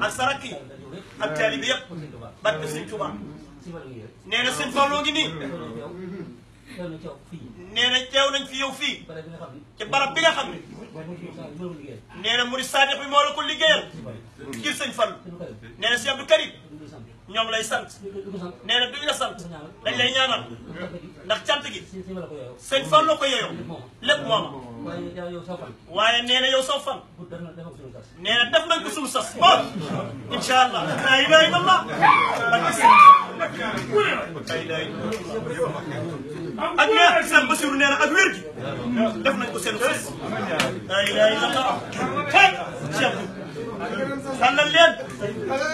ak sarak yi ak taalibe yëpp barke sëñ Tuubaa nee na sëñ Fallou ngi nii nee na teew nañ fi yow fii ci barab bi nga xam ne nee na murid saadiq bi moo la ko liggéeyal ngir sëñ Fallou nee na sëñ Abdou Karim ñoom lay sant nee na duñ la sant dañ lay ñaanal ndax cant gi sëñ Fallou ko yeyoo lépp mooma waaye yow saw fan. waaye nee na yow saw fan. nee na def nañ ko suñu sas. bon incha allah. laa ilaaha illallah. ak ñaar seen Basiru nee na ak wér gi. def nañ ko seen sas. laa ilaaha illallah. tey. sànnal leen.